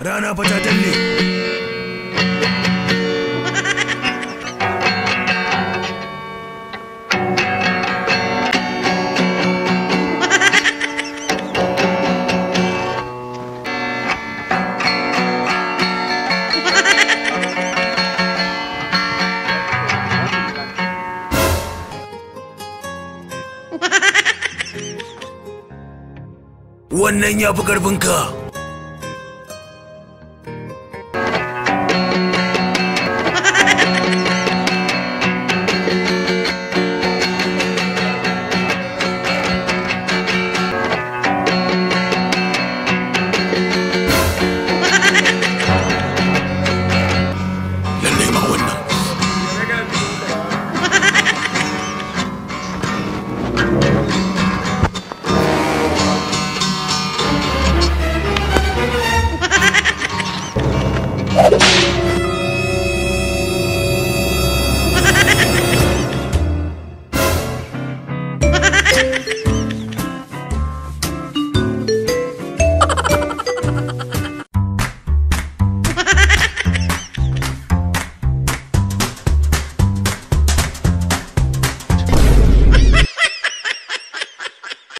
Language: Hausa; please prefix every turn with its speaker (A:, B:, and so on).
A: rana fata ta danne
B: Wannan ya fi ƙarfinka.